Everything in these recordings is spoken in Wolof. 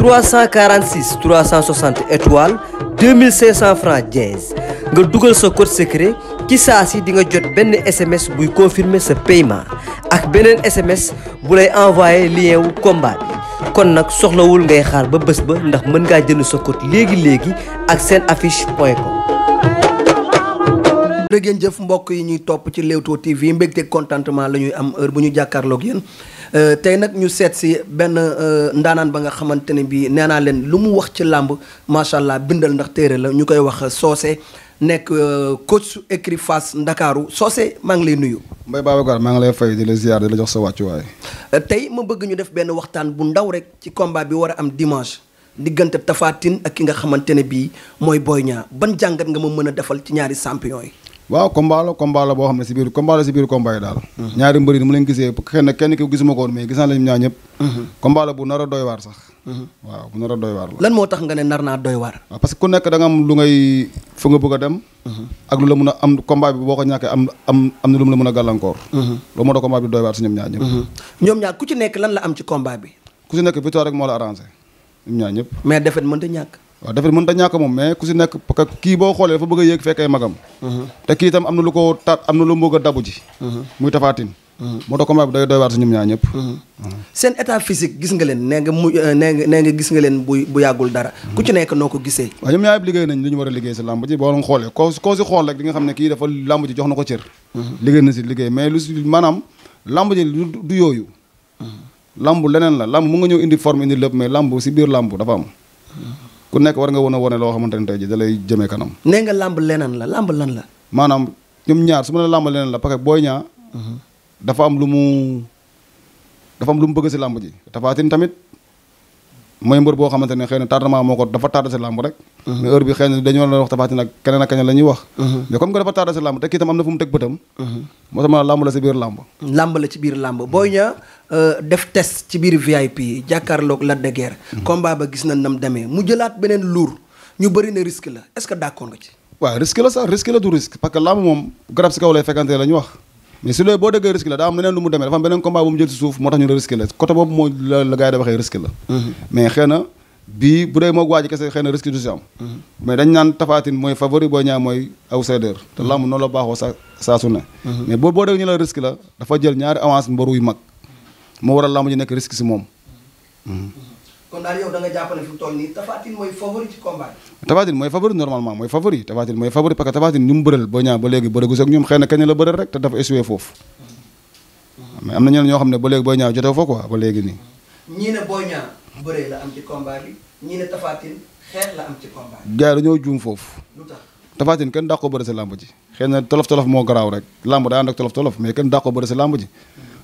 346 360 étoiles 2500 francs dièse nga dugal sa code secret ci saa si di nga jot benn SMS buy confirmer sa paiement ak beneen SMS bu lay envoyer lien wu combat kon nag soxlawul ngay xaar ba bés ba ndax mën ngaa jënd sa code léegi léegi ak seen affiche point com. jërëjëf mbokk yi ñuy topp ci Leewtoo TV mbégte contentement la ñuy am heure bu ñu jàkkaarloog yéen. Euh, tey nag ñu seet si benn euh, ndaanaan ba nga xamante ne bii nee naa leen lu mu wax ci làmb macha allah bindal ndax téere la ñu koy wax euh, soose nekk coach su écurie Ndakaaru soose maa ngi lay nuyu. Mbaye Babacar maa ngi lay fay di la ziar di la jox sa wàccuwaay. tey ma bëgg ñu def benn waxtaan bu ndaw rek ci combat bi war a am dimanche. diggante tafaatin ak ki nga xamante ne bii mooy Boy Niang ban jàngat nga ma mën a defal ci ñaari sampion yi. waaw combat la boo xam ne si biir combat la si biir combat yi daal mhm. ñaari mbëri mu leen gisee kenn kenn ki gisuma ko woon mais gis naa lañu mhm. la bu nar doy waar sax mhm. waaw bu doy waar lan moo tax nga ne nar naa doy waar parce que ku nekk am lu ngay a dem ak lu la mun a am combat bi boo ko ñàkkee am am am na lu mu la mun a gàllankoor loolu moo tax combat bi doy waar si ñoom ñaar ñëpp ku ci nekk lan la am ci combat bi ku ci nekk victoire rek moo la arrangé ñoom ñaar ñëpp mais defet mënta ñàkk waaw dafa mën ta ñàkk moom mais ku si nekk parce que kii boo xoolee dafa bëgg yéeg fekk ay magam uh-huh. te kii itam am na lu ko taat am na lu mbëgg a dabu ji uh-huh. muy tafaatin uh-huh. moo tax combat bi day doy waar si ñoom ñaar ñëpp seen état physique gis nga leen nee nga mu euh, nee gis nga leen bu bu yàggul dara ku ci nekk noo ko gisee waaw ñoom ñaar yëpp liggéey nañ lu ñu war a liggéey si làmb ji boo doon xoolee koo koo si xool rek di nga xam ne kii dafa làmb ji jox na ko cër liggéey na si liggéey mais lu si maanaam làmb ji du yooyu làmb leneen la làmb mu nga ñëw indi forme indi lépp mais làmb si biir làmb dafa am ku nekk war nga wan a wane loo xamante ne tey ji da jëme kanam nee nga làmb leneen la làmb lan la maanaam ñoom ñaar su ma ne làmb leneen la parce que Boy Niang mhm. dafa am lu mu dafa am lu mu bëgg si làmb ji Tapha Tine tamit mooy mbër boo xamante ne xëy na moo ko dafa tardé si làmb rek mhm. mais heure bi xëy na dañoo la wax tafaati nag keneen ak keneen la ñuy wax mhm. mais comme que dafa tardé si làmb te kii tam am na fu mu teg bëtam mhm. moo tax ma làmb la si biir làmb làmb la ci biir làmb Boy Niang euh, def test ci biir VIP jàkkaarloog Lac de Guiers combat gis na nam demee mu jëlaat beneen luur ñu bëri ne risque la est-ce que ci waaw risque la sax risque la du risque parce làmb moom garab si kaw mais si loolu boo dëggee risque la daa am leneen lu mu demee dafa am beneen combat bu mu jël si suuf moo tax ñu la risque la côté boobu mooy la mm-hmm. na bii bu na risque mm-hmm. mais dañ naan tafaatin mooy favori booy ñaa mooy outsider te mm-hmm. lamb noonu la baaxoo sa saa su ne mais boo boo dëgg ñu la risque la dafa jël ñaari avance mbaru yu mag moo a lamb ji nekk risque si moom kon daal yow da nga jàpp toll nii Tapha mooy favori ci combat mooy favori normalement mooy favori Tapha Tine mooy favori parce ba léegi bëreegus ak ñoom xëy na kañ la bëreel rek te dafa échoué foofu mais am na ñeneen ñoo xam ne ba léegi booy ñaaw jotee fa quoi ba léegi nii. ñii ne booy ñaaw bëree la am ci combat la am yi dañoo juum foofu. lu kenn dàq ko si làmb ji xëy na tolof tolof moo garaaw rek làmb daa ànd ak tolof tolof mais kenn dàq ko si làmb ji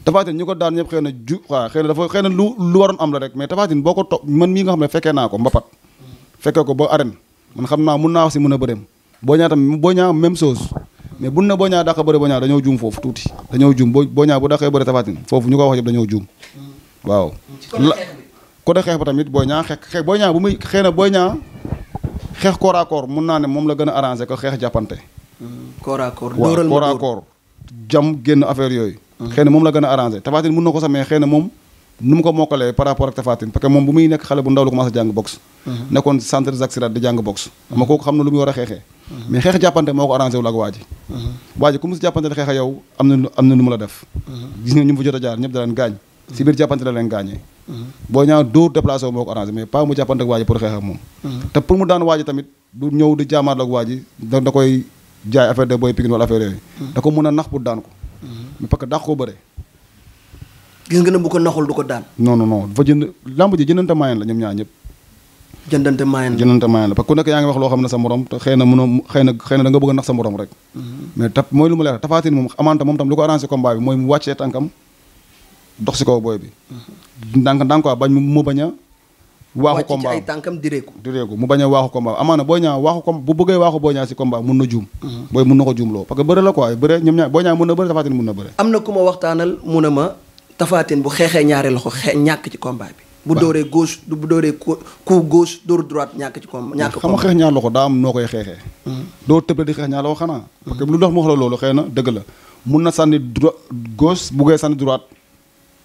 tafaatin ñu ko daan ñëpp xëy na ju waaw xëy na dafa xëy na lu lu waroon am la rek mais tafaatin boo ko topp man mii nga xam ne fekkee naa ko mbapat fekkee ko ba arène man xam naa mun naa wax si mën a bëreem boo ñaa tam boo ñaa même chose mais bun na boo ñaa dàq bëre boo dañoo juum foofu tuuti dañoo juum boo boo ñaa bu dàqee bëre tafaatin foofu ñu ko wax yëpp dañoo juum waaw côté xeex ba tamit boo ñaa xeex xeex boo ñaa bu muy xëy na boo ñaa xeex corps mun naa ne moom la gën a arrangé ko xeex jàppante mm, corps à corps waaw corps jam génn affaire yooyu xëy na moom la gën a arrangé Tapha Tine mën na ko sax mais xëy na moom nu mu ko mokkalee par rapport ak Tapha Tine parce que moom bu muy nekk xale bu ndaw la commencé jàng boxe mhm. nekkoon centre Zaxirat di jàng boxe ma mhm. kooku xam na lu a xeexee mhm. mais mu na la def gis nga ñu mu fa jot a jaar ñëpp da leen gaañ si biir jàppante la leen gaañee boo ñaaw dóor déplacé wu moo ko arrangé mais pas mu jàppante ak waa ji pour xeex ak moom te pour mu daan waa tamit du ñëw di jaamaar ak waa ji da da koy jaay affaire de booy Pikine wala a nax pour daan ko parce que daax koo bëre gis nga ne bu ko naxul du ko daan non non non dafa jënd làmb ji jëndante maayen la ñoom ñaar ñëpp jëndante maayen la jëndante maayen la parce que nekk yaa ngi wax loo xam ne sa morom te xëy na mënoo xëy na xëy na da a nax sa morom rek mhm. mais tap mooy lu ma leer tafaatin moom amante moom tam lu ko arrangé combat bi mooy mu wàccee tànkam dox si kaw booy bi ndànk ndànk a bañ mu bañ a waaxu combat ci ay tànkam direeku direeku mu bañ a waaxu combat amaana Boy Niang waaxu combat bu bëggee waaxu Boy Niang si combat mun na juum mhm. booy mun na ko juumloo parce que bëre la quoi bëre ñoom ñaar Boy Niang mun na na ma waxtaanal bu xeexee ñaari loxo xee ñàkk ci combat bi bu dooree gauche bu dooree coup gauche dóor droite ñàkk ñàkk xam nga xeex am noo koy xeexee mhm. doo tëb di xeex ñaar loxo xanaa parce que lu dox mu wax la loolu xëy na dëgg la mun na sànni gauche bu gee sànni droite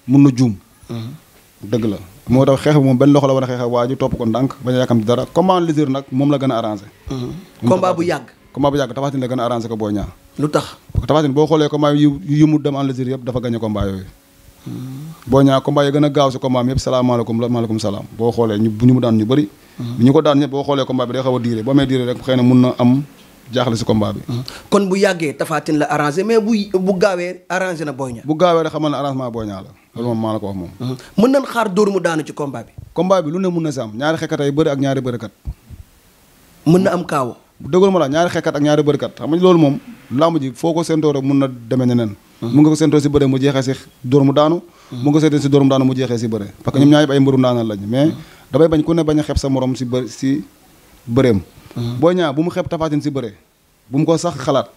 mun na juum mhm. dëgg la moo tax xeex bi moom benn loxo la war a xeex waa ji topp ko ndànk bañ a yàkkamti dara combat Légère nag moom la gën a arrangé. Mhm. combat bu bu yàgg Tapha la gën a arrangé ko Boy Niang. lu tax parce xoolee combat yu yu mu dem en Légère yëpp dafa gagné combat yooyu. Boy Niang combat a gaaw si combat am yëpp salaamaaleykum la maaleykum salaam boo xoolee ñu bu ñu mu daan ñu bëri. Mhm. a diire boo amee diire mhm. bu yàggee Tapha Tine la mais bu bu gaawee arrangé na Boy Niang. bu gaawee rek xamal na arrangement Boy la loolu moom maa la ko wax moom. mën nañ xaar dóor mu daanu ci combat bi. combat bi lu ne mun na si am ñaari xekkat ay bëri ak ñaari kat mën na am kaawo. dëggal ma la ñaari xekkat ak ñaari bërikat xam nga loolu moom làmb ji foo ko séntoo rek mën na demee neneen. mën nga ko séntoo si bëre mu jeexee si dóor mu daanu. mu nga ko si dóor mu daanu mu jeexee si bëre. parce que ñoom ñaari ay mbëru ndaanal lañ mais damay bañ ku ne bañ a xeeb sa morom si bë si bëreem. Boy ñaa bu mu xeeb Tapha Tine si bëre bu ko sax xalaat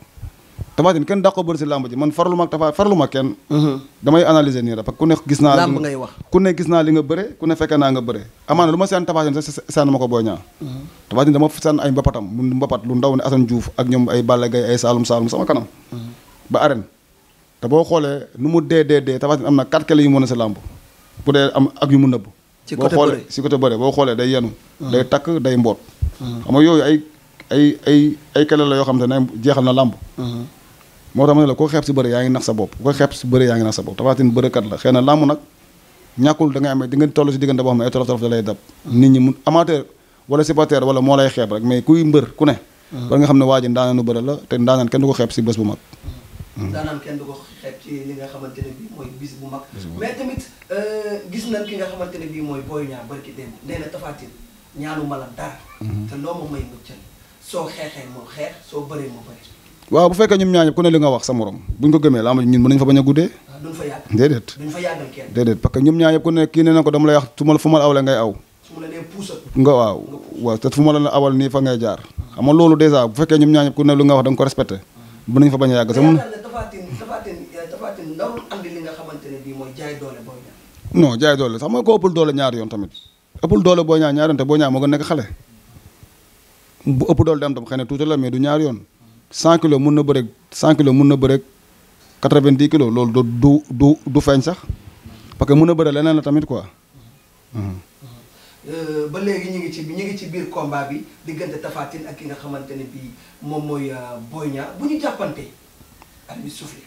Tafatine kenn dàqoo bëri si làmb ji man farlu ma ak Tafa farlu ma kenn. Mhm. damay analyser nii rek ku ne gis naa. làmb ngay wax ku ne gis naa li nga bëre ku ne fekke naa nga bëre. amaana lu ma seen Tafatine sax sànn ma ko Boy Niang. Mhm. Tafatine dama sànn ay mbapatam mu mbapat lu ndaw ne Assane Diouf ak ñoom ay Balla Gaye ay Saalum Saalum sama kanam. Mhm. ba arène te boo xoolee nu mu dee dee dee Tafatine am na 4 kele yu mu mën a si làmb bu dee am ak yu mu nëbb. ci côté bëre boo xoolee si côté bëre boo xoolee day yenu. day takk day mboot. xam nga yooyu ay ay ay ay kele yoo xam te ne jeexal na làmb moo tax ma ne la koo xeeb si bëre yaa ngi nax sa bopp koo xeeb si bëre yaa ngi nax sa bopp Tapha Tine bërëkat la xëy na nag ñàkkul da amee di nga si diggante boo xam ne ay tolof tolof da wala moo lay xeeb rek mais kuy mbër ku ne hmm. war xam ne waa ji ndaanaanu bëre la te ndaanaan kenn du ko xeeb si bés hmm. nga xamante ne bii mooy bu mag mais euh, gis nañ ki nga xamante ne bii ma la dara hmm. te loo ma may muccal soo xeexee moo xeex soo bëree moo bëri waaw bu fekkee ñun ñaañu ku li nga wax sa morom buñ ko gëmee laa a guddee ah, déedéet déedéet parce que ñun ñaañu ku ne kii ne na ko dama lay wax su ma fu ma la nga waaw waaw te fu ma la awal nii fa ngay jaar xam nga loolu dèjà bu fekkee ñun ñaañu ku ne li nga wax da nga ko a yàgg sax mun non jaay doole sax mooy ko doole ñaari yoon tamit ëppul doole boo ñaar ñaari yoon te boo ñaar moo gën nekk xale bu ëpp doole dem tam xëy na tuuti la mais du ñaari yoon 100 kilos mun na bëreeg 100 kilos mun na bëreeg di kilos loolu du du du du feeñ sax parce que mun na bëre leneen la tamit quoi. Mhm. Euh, ba léegi ñu ngi ci ñu ngi ci biir combat bi diggante Tapha ak ki nga xamante ne bii moom mooy euh, Boy Niang bu ñu jàppante ak mi soufflé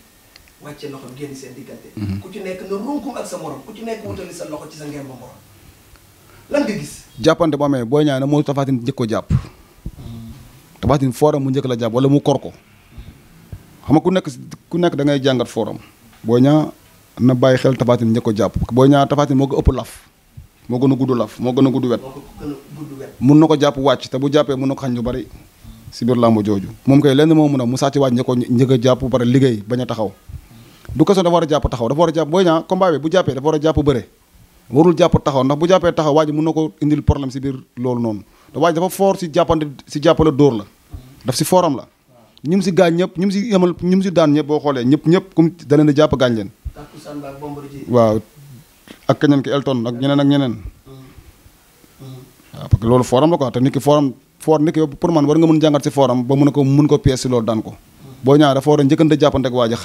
wàcce loxo génn seen diggante. Mhm. ku ci nekk na runkum ak sa morom ku ci nekk wutali sa loxo ci sa ngeen ba morom lan nga gis. jàppante boo amee Boy Niang na moo Tapha Tine ko jàpp. Mhm. Tapha Tine fooram mu njëkk la jàpp wala mu kor ko xam nga ku nekk ku nekk da jàngat fooram. boo Boy Niang na bàyyi xel Tapha Tine njëkk ko jàpp boo Niang Tapha Tine moo ko ëpp laf moo gën a gudd laf moo gën a gudd wet. mun na ko jàpp wàcc te bu jàppee mun na ko xañ lu bari si biir làmb jooju moom kay lenn moo mun a mu sàcc wàcc njëkk jàpp pare liggéey bañ a taxaw du question dafa war a jàpp taxaw dafa war a jàpp Boy Niang combat bi bu jàppee dafa war a jàpp bëre warul bu jàppee taxaw waa mun na ko indil problème si biir loolu noonu waaye dafa fort si jàppante si jàppale dóor la daf si foram la ñu ngi si gaañ ñëpp ñu ngi si yemal ñu si daan ñëpp boo xoolee ñëpp ñëpp comme jàpp gaañ leen waaw ak keneen ki Elton ak ñeneen ak ñeneen waaw parce que loolu forum la quoi te nit ki forum for nit ki yow a ko mën waa ji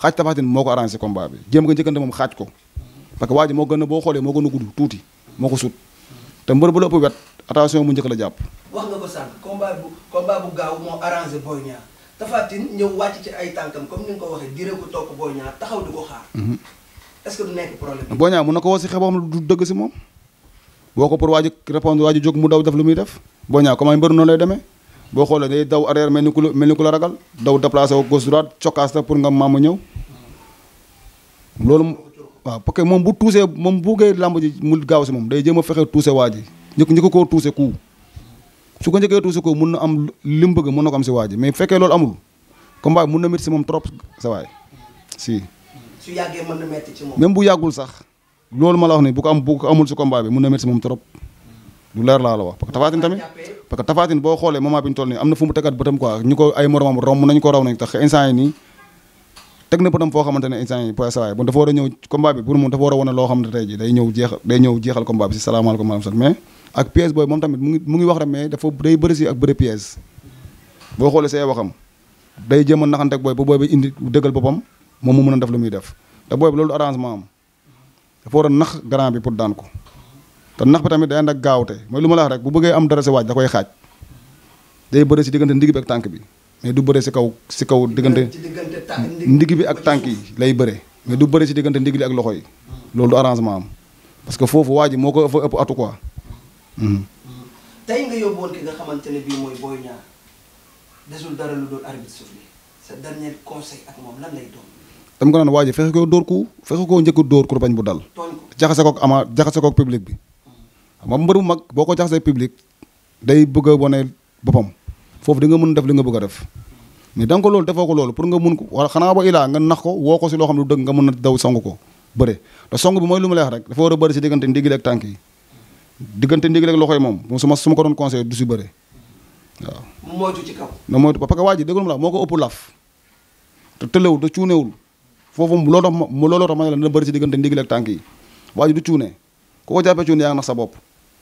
xaaj moo ko arrangé combat bi jéem nga njëkkante moom xaaj ko parce que waa gën a boo xoolee moo gën a gudd tuuti moo ko sut te mbër bu la ëpp wet attention mu njëkk la jàpp. wax nga ko sànq combat bu combat bu gaaw moo arrangé Boy Niang Tapha Tine ñëw wàcc ci ay tànkam comme ni nga ko waxee diré ko topp Boy Niang taxaw di ko xaar. Mhm. est ce que nekk problème bi. Boy Niang mun na ko woo si xebam du dëgg si moom boo ko pour waaj a répondre waaj a jóg mu daw def lu muy def Boy Niang comme ay mbër noonu lay demee boo xoolee ne daw arrière mel ni ku la mel ni ku la ragal daw déplacé wu gauche droite pour nga maamu ñëw waaw parce que moom bu tuusee moom bu buggee làmb ji mu gaaw si moom day jéem a fexe tuuse waa ji njëkk njëkk koo tuuse ku su ko njëkkee tuuse ko mun na am li mu bëgg mun na ko am si waa ji mais fekkee loolu amul combat mun na moom trop sa waay si. su yàggee bu yàggul sax loolu ma la wax ni bu amul si combat bi mun na métti si moom trop lu leer laa la wax parce que Tapha tamit parce que Tapha boo xoolee moment bi ñu toll nii am na fu mu tegaat bëtam quoi ñu ko ay moromam romb nañ ko raw nañ tax instant yi nii teg na pëtam foo xamante ne instant yi poy sawaay bon dafa war a ñëw combat bi pour moom dafa war a wane loo xamante tey ji day ñëw jeex day ñëw jeexal combat bi si salaamaaleykum maanaam sax mais ak pièce booy moom tamit mu ngi wax rek dafa day bëri ak bëri pièce boo xoolee say waxam day jéem a naxante ak booy ba bi indi dëggal boppam moom mu mën a def lu muy def te booy bi loolu arrangement am dafa war a nax grand bi pour daan ko te nax bi tamit day ànd ak gaawte mooy lu ma la rek bu bëggee am dara si waaj da koy xaaj day bëri si diggante ndig bi tànk bi mais du bëre si kaw si kaw diggante ndig bi ak tànk yi lay bëre mais du bëre si diggante ndig li ak loxo yi loolu du arrangement am parce que foofu waa ji moo ko fa ëpp atu quoi. Mhm. nga ne bii mooy ko naan waa ji fexe ko dóor ku fexe ko njëkk dóor ku bañ bu dal. jaxase kook ama jaxase kook public bi. Mhm. xam nga bu mag boo ko jaxasee public day bëgg a wane boppam. foofu di nga mën def li nga bëgg a def mais donc loolu defoo ko loolu pour nga mun ko wala xanaa ba ilaa nga nax ko woo ko si loo xam ne dëgg nga mën a daw song ko bëre te song bi mooy lu ma lay rek dafa war a bëri si diggante ndigil ak tànk yi diggante ma su ma ko doon conseillé du si bëre waaw moytu ci waa ji déggul ma la moo ko ëpp laf te tëlewul te cuunewul foofu loolu tax ma looloo tax ma la dina bëri si diggante ndigil ak tànk yi waa ji du cuune ku ko jàppee cuune yaa ngi nax sa bopp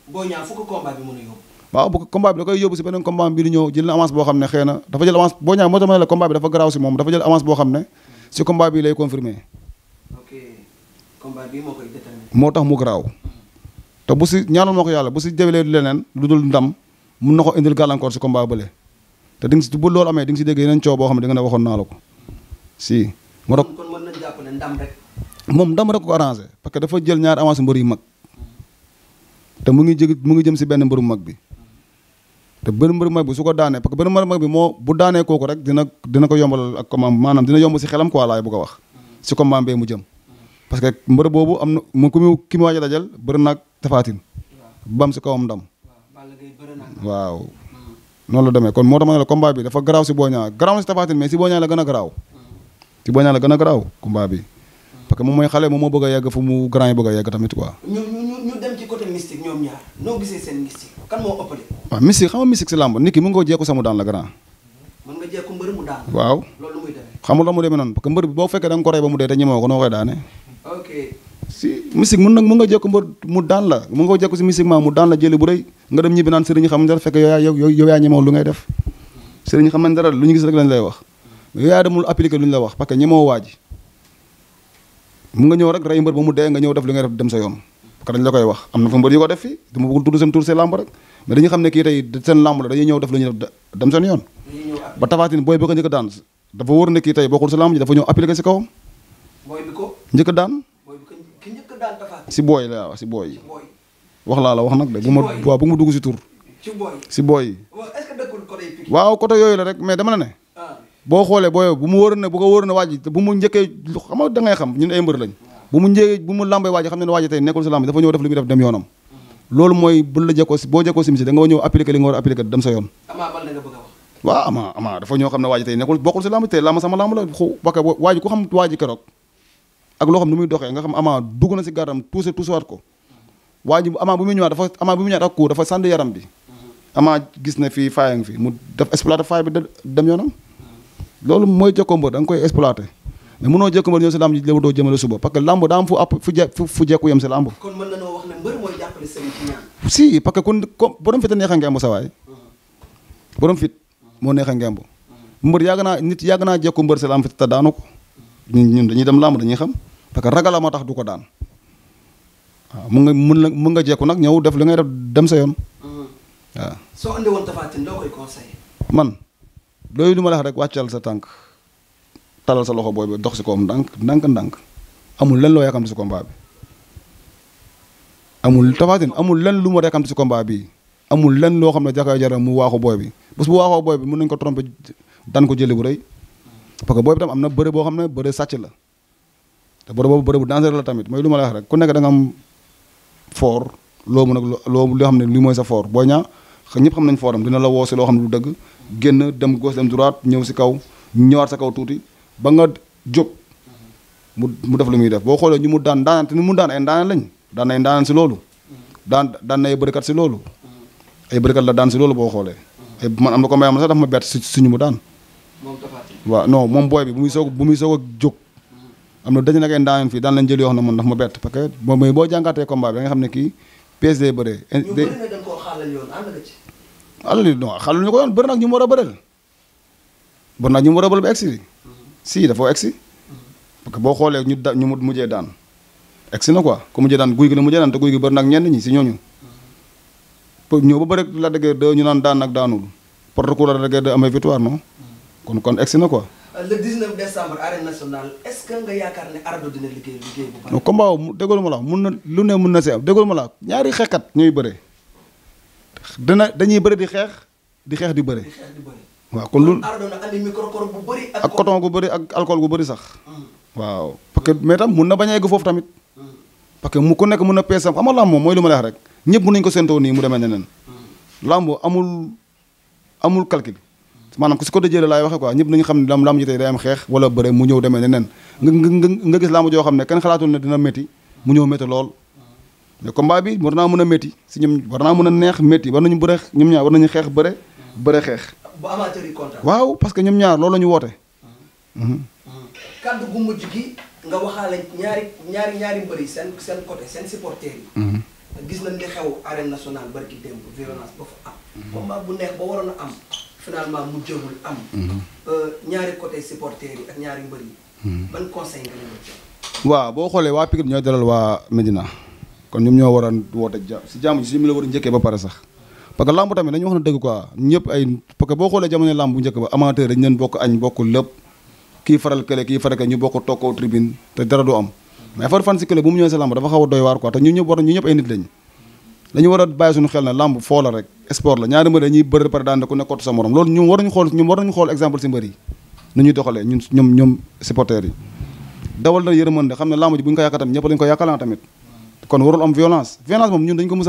boo a waaw bu combat bi da koy yóbbu si beneen combat bi di ñëw jël na avance boo xam ne xëy na dafa jël avance boo ñaaw moo tax ma ne la xam ne si combat bi lay confirmé. ok moo tax mu garaaw te bu si ñaanal moo ko yàlla bu si jëlee leneen lu dul ndam mun na ko indil gàllankoor si combat bële te di nga si bu loolu amee di nga si dégg yeneen boo xam ne di nga ne waxoon naa la ko si. moo tax kon moom ndam rek ko arrangé parce que dafa jël ñaari avance mbër yu mag te mu ngi jëg mu ngi jëm si benn mbëru mag bi te benn mbër mag bi su ko daanee parce que benn mbër mag bi moo bu daanee kooku rek dina ko yombalal ak combat maanaam dina yomb si xelam quoi laay wax si combat bee mu jëm parce que mbër boobu am na mu ku mu ki mu waaj a dajal tafaatin bam si kawam ndam waaw noonu la demee kon moo tax ma ne la combat bi dafa garaaw si booñaa garaaw si tafaatin mais si booñaa la gën a garaaw si booñaa la gën a garaaw combat bi parce que moom mooy xale moom moo bëgg a yegg fu mu grand yi bëgg a tamit quoi kan moo ëppale. waaw si làmb nit ki mën nga ko jékku samu daan la grand. waaw loolu muy demee. mu deme noonu parce que mbër boo fekkee da nga ko rey ba mu dee te ñemoo ko noo daane. ok si nag mën nga jékku mbër mu daan la mën nga ko jékku si mystiquement mu daan la jëli bu rëy nga dem ñibbi naan sëriñ xam nga fekk yow yaa yow yaa ñemoo lu ngay def sëriñ xam dara lu ñu gis rek lañ lay wax yow yaa demul appliquer lu ñu la wax parce que ñemoo waaji mu nga ñëw rek rey mbër ba mu dee nga ñëw def li ngay def dem sa yoon ka dañ la koy wax am na fa mbër yu ko def fii dama bëggul tudd seen tur seen làmb rek mais dañu xam ne kii tey seen làmb la dañuy ñëw def la ñuy def dem seen yoon ba tafaatin booy bi ko njëkk daan dafa wóor ne kii tey bokkul si làmb ji dafa ñëw appliqué si kawam njëkk daan si booy waaw si booy yi wax laa la wax nag de bu ma waaw bu ma dugg si tur si booy yi waaw côté yooyu la rek mais dama la ne ah. boo xoolee booy bu mu wóor ne bu ko wóor ne wàjji bu mu njëkkee xam nga da ngay xam ñun ay mbër lañ bu mu njëgee bu mu lambee waaji xam ne ne waaji tey nekkul si lamb dafa ñëw def li muy def dem yoonam loolu mooy bu la jekkoo a appliquer dem dafa ñoo xam ne waaji tey nekkul bokkul si lamb tey lamb sama lamb la xu baka waaji ku xam waaji keroog ak loo xam ni muy doxee nga xam ama dugg na si gàttam tuuse tuusewaat bu muy ñëwaat dafa ama bu muy ñëwaat ak ku dafa sànd yaram bi ama gis na fii faayang fi mu def exploité faay bi dem yoonam loolu mooy jokkombër da nga koy exploité mais mënoo jëkkumar ñëw si lamb ji lébu doo jëmale suba parce que lamb daa am fu app fu je fu jekku yem si lamb kon parce que kon comme borom fit a neexa ngemb sa waay borom fit moo neexa ngemb mbër yàgg naa nit yàgg naa jekku mbër si lamb fit te daanu ko ñun dañuy dem lamb dañuy xam parce que ragala ma tax du ko daan waaw mun nga mun la mun nga jekku nag ñëw def li ngay def dem sa yoon mm-hmm. waaw soo andi woon Tapha Tine loo koy conseillé man loolu lu ma la rek wàccal sa tànk talal sa loxo booy bi dox si koom ndànk ndànk ndànk amul lenn loo yàkkamti si combat bi amul Tapha Tine amul lenn lu mu war a yàkkamti si combat bi amul lenn loo xam ne jakaay jaram mu waaxu booy bi bés bu waaxoo booy bi mën nañ ko tromper dan ko jëlee bu rëy parce que booy bi tam am na bëre boo xam ne bëre sàcc la te bëre boobu bëre bu dangereux la tamit mooy lu ma la wax rek ku nekk da nga am fort loo mën ak loo loo xam ne lii mooy sa fort booy ñaa ñëpp xam nañ fortam dina la woo si loo xam ne du dëgg génn dem gauche dem droite ñëw si kaw ñëwaat sa kaw tuuti ba nga jóg mu mu def lu muy def boo xoolee ñu mu daan daanante ni mu daan ay ndaanaan lañ daan si loolu daan daan na si loolu ay bërikat la daan si loolu boo xoolee ay man am na ko may am sax dafa ma bett si suñu mu daan waa non moom booy bi bu muy soog bu muy soog a jóg am na dañu nag ay ndaanaan fii daan lañ jël yoo xam ne man dafa ma bett parce que boo may boo jàngaatee combat bi nga xam ne kii PSD bëree àll li non xàllal ñu ko yoon bëri ñu mu war a bëreel bëri nag ñu mu si dafa egsi parce que boo xoolee ñu da ñu mut mujjee daan egsi na quoi ku mujjee daan guy gi la mujjee daan te guy gi bëri nag ñenn ñi si ñooñu. pour ñëw ba bëri la dëgg de ñu naan daan ak daanul par recours la dëgg de amee victoire non. kon kon egsi na quoi. le 19 décembre arène nationale est-ce que nga yaakaar ne Ardo dina liggéey liggéey bu baax. la mun na lu ne mun na si am déggoo ma la ñaari xeexkat ñuy bëre dana dañuy bëre di xeex di xeex di bëre. waaw kon loolu ak coton gu bari ak alcool gu bari sax. Hmm. waaw parce que mais tam mun na bañ a foofu tamit. Hmm. parce que mu ku nekk mun na peesam xam nga làmb mooy lu ma la rek ñëpp mun ko séntoo nii mu demee neneen. Hmm. làmb amul amul calcul. maanaam si côté jële laay waxee quoi ñëpp nañu xam ne lam lamb ji tey day am xeex wala bëre mu ñëw demee neneen nga nga gis lamb joo xam ne kenn xalaatul ne dina métti mu ñëw métti lool. mais combat bi war naa mën a métti si ñoom war naa mën a neex métti war nañu bëre ñoom ñaar war nañu xeex bëre bëre xeex bu amateur yi kontaan. waaw parce que ñoom ñaar loolu ñu woote. Mhm. Mm-hmm. kaddu gu mujj gi nga waxaale ñaari ñaari ñaari mbër yi seen seen côté seen supporters yi. Mhm. gis nañ li xew arène nationale barki démb violence ba fa am. Mhm. combat bu neex ba waroon a am finalement mu jëmul am. Euh, ñaari côté supporters yi ak ñaari mbër yi. ban conseil nga leen di waaw boo xoolee waa Pikine ñooy dalal waa Medina kon ñoom ñoo waroon a woote ja si jàmm si mu la war a njëkkee ba pare sax. parce que tamit dañu wax na dëgg quoi ñëpp ay parce boo xoolee jamono lamb bu njëkk ba amateur dañu leen bokk añ bokk lépp kii faral kële kii faral kële ñu bokk toog tribune te dara du am mais far fan si kële bu mu ñëwee si lamb dafa xaw a doy waar quoi te ñu ñëpp war ñu ñëpp ay nit lañ dañu war a ñun ñoom yi dawal na yërmande xam ne lamb ji bu ñu ko yàq tamit ñëpp lañu ko yàqalaan tamit kon warul am violence violence moom ñun dañ ko mës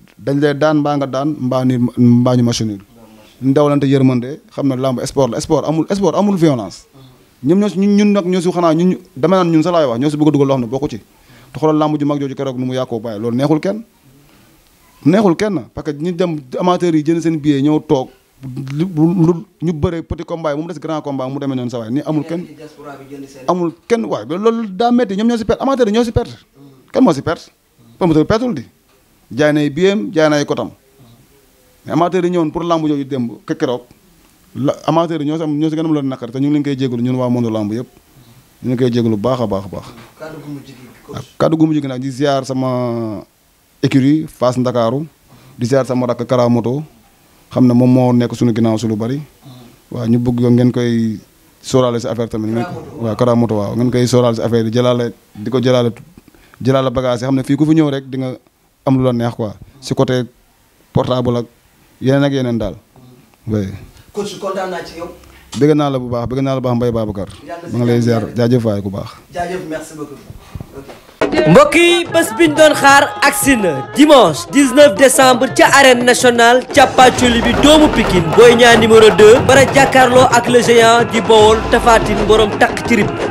dañ lay daan mbaa nga daan mbaa ni mbaa ñu machine ñu dawalante yërmande xam ne lamb sport la sport amul sport amul violence ñoom ñoo ñun ñun nag ñoo si xanaa ñun dama ñun sa laay wax ñoo si a dugal loo xam ne bokku ci te xoolal neexul kenn neexul kenn parce que ñu dem amateurs yi jënd seen billet ñëw toog lu ñu bëre petit combat yi mu grand combat mu demee noonu sa waay ni amul kenn amul kenn waay loolu daa métti ñoom ñoo si perte amateurs yi ñoo si perte kan moo si perte promoteur pertul di jaay nay biyeem jaay nay kotam mais amateur yi ñëwoon pour lamb jooju démb keroog la amateur yi ñoo si am ñoo si gën a am loolu naqar te ñu leen koy jégalu ñun waa monde lamb koy jégalu baax a baax a baax. Ah, kaddu gu mujj gi. nag di ziar sama écurie Fass Ndakaaru di ziar sama rakk Karamoto xam ne moom moo nekk suñu ginnaaw su lu bari waaw ñu bëgg ngeen koy sóoraale si affaire tamit. Karamoto waaw Karamoto waaw ngeen koy sóoraale si affaire yi jëlaale di ko jëlaale jëlaale bagage yi xam ne fii am lu la neex quoi si côté portable ak yeneen ak yeneen daal. kon naa la bu baax bëgg naa la bu baax Mbaye Babacar. ma ngi lay ziar jaajëf bu baax. jaajëf merci beaucoup. mbokk biñ doon xaar agsi na dimanche 19 décembre ca arène nationale càppaacoli bi doomu Pikine Boy Niang numéro 2 bara jàkkaarloo ak le géant di Bawol Tapha Tine takk ci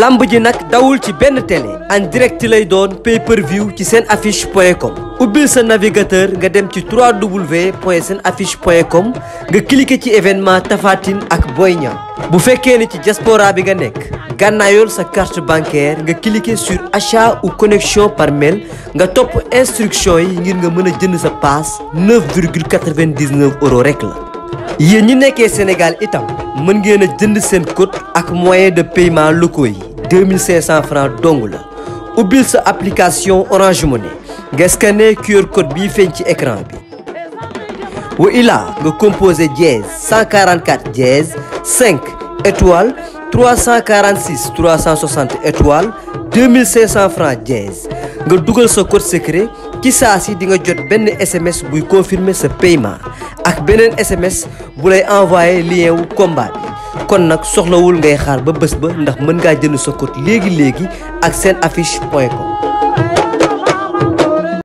lamb ji nag dawul ci benn télé en direct lay doon pay per view ci seen affiche point com ubbil sa navigateur nga dem ci 3w point seen affiche point com nga cliqué ci événement Tafatine ak Boy Niang bu fekkee ni ci diaspora bi nga nekk gànnaayoon sa carte bancaire nga cliqué sur achat ou connexion par mail nga topp instruction yi ngir nga mën a jënd sa paas 9,99 euros rek la yéen ñi nekkee Sénégal itam mën ngeen a jënd seen côte ak moyen de paiement locaux yi 2500 francs dong la ubbil sa application Orange Money nga scanné QR côte bii feeñ ci écran bi wa ilaa nga composé dièse 144 dièse 5 étoile 346 360 étoile 2500 francs dièse nga dugal sa côte secret ci saa si di nga jot benn SMS buy confirmer sa paiement beneen SMS bu lay envoyé lien wu combat kon nag soxlawul ngay xaar ba bés ba ndax mën ngaa jënd sa code léegi léegi ak seen affiche point com